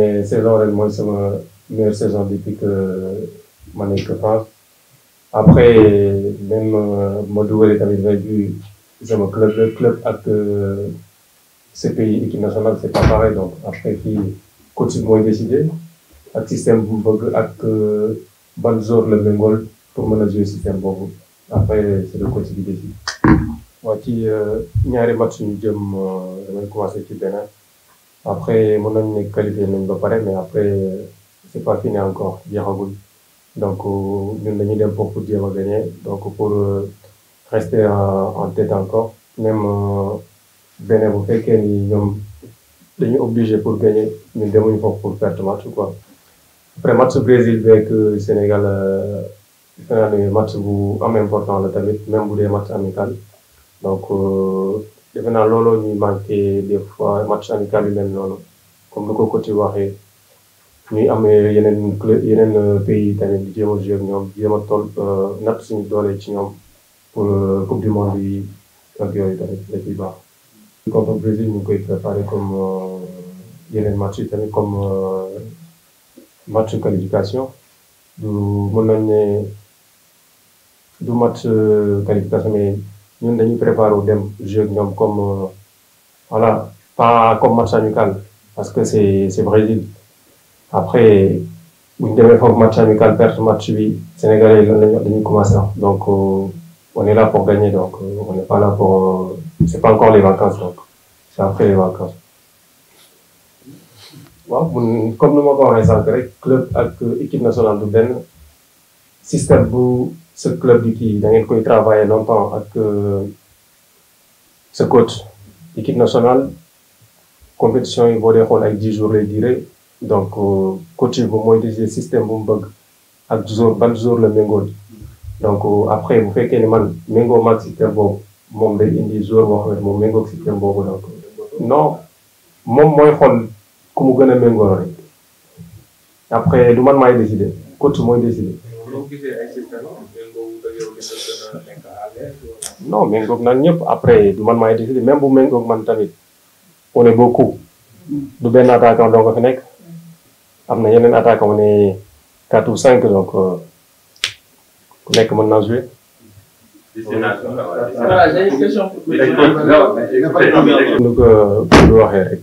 saison ren c'est ma meilleure saison depuis que ma nekk après même euh, ma est arrivé vingt c'est mon club le club euh, ce pays équipe nationale c'est pas pareil donc après qui coach bi mooy décidé acte système avec acte euh, ak ban le pour manager le système bon après c'est le coach euh, décidé waa ci ñaari match ñu jëm euh, commencer commencé ci Bénin après, mon homme est qualifié même pas mais après, c'est pas fini encore, vous Donc, euh, nous avons de pour Diarra gagner. Donc, pour euh, rester en tête encore, même euh, Bénin, vous faites qu'ils sont obligés pour gagner, nous devons pas pour faire le match, quoi. Après, match Brésil avec le Sénégal, un match vous, important, là, même pour des matchs amicaux. Donc, defe naa looloo ñuy manqué des fois match amical yu comme lu ko côté waxee ñuy amee yeneen club yeneen euh, pays yi tamit di jéem a jouer ñoom jéem a euh, suñu doole ci ñoom pour euh, coupe du monde yi ak yooyu tamit da ciy baax. contre yeneen match yi tamit comme match qualification du mën du match qualification Nous dañuy préparer wu dem jeu comme euh, voilà pas comme match amical parce que c'est c'est Brésil après une dernière fois match amical perte match vie Sénégalais yi lan la donc euh, on est là pour gagner donc euh, on n'est pas là pour c'est pas encore les vacances donc c'est après les vacances. comme nous ma ko le club avec équipe nationale de système bu ce club di kii da ngeen koy travailler longtemps ak euh, sa coach équipe nationale compétition yi boo dee xool ay dix jours lay durée donc euh, coach yi bu mooy décider système bu mu bëgg ak jour ban jour la méngool donc euh, après bu fekkee ni man méngoo mag système boobu moom day indi jour boo xam ne moom méngoog système boobu donc non moom mooy xool ku mu gën a méngoo rek après du man maay décider coach mooy décider non méngoog nag ñëpp après du man maay décider même bu méngoog man tamit on beaucoup du benn attaquant doo ko fi nekk am na yeneen attaquant on est quatre ou cinq donc ku nekk mën naa jouer. donc lu waxee rek.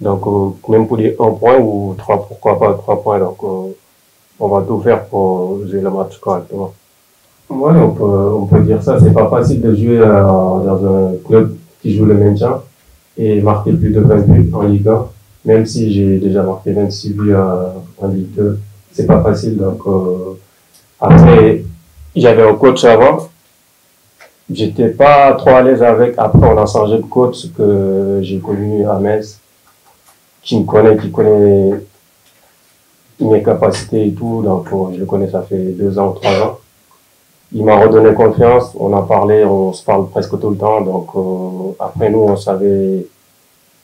Donc, euh, même pour les 1 point ou 3, pourquoi pas 3 points. Donc, euh, on va tout faire pour jouer le match correctement. oui on peut, dire ça. C'est pas facile de jouer euh, dans un club qui joue le maintien et marquer plus de 20 buts en Ligue 1. Même si j'ai déjà marqué 26 buts en Ligue 2, c'est pas facile. Donc, après, j'avais un coach avant j'étais pas trop à l'aise avec. Après, on a changé de coach que j'ai connu à Metz qui me connaît, qui connaît mes capacités et tout, donc euh, je le connais, ça fait deux ans, trois ans. Il m'a redonné confiance, on a parlé, on se parle presque tout le temps, donc euh, après nous, on savait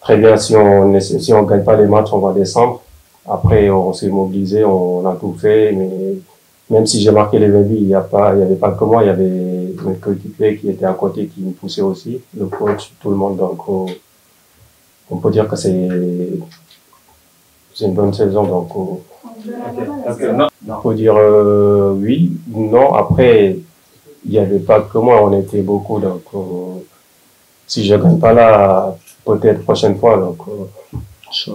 très bien si on si on gagne pas les matchs, on va descendre. Après, on s'est mobilisé, on, a tout fait, mais même si j'ai marqué les 20 buts, il n'y y avait pas que moi, il y avait mes coéquipiers qui étaient à côté, qui me poussaient aussi, le coach, tout le monde, donc euh, on peut dire que c'est une bonne saison. Donc, euh, on, peut dire euh, oui, non. Après, il n'y avait pas que moi, on était beaucoup. Donc, euh, si je ne gagne pas là, peut-être prochaine fois. Donc, euh,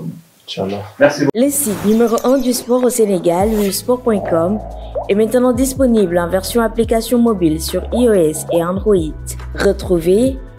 Merci Le site numéro 1 du sport au Sénégal, sport.com, est maintenant disponible en version application mobile sur iOS et Android. Retrouvez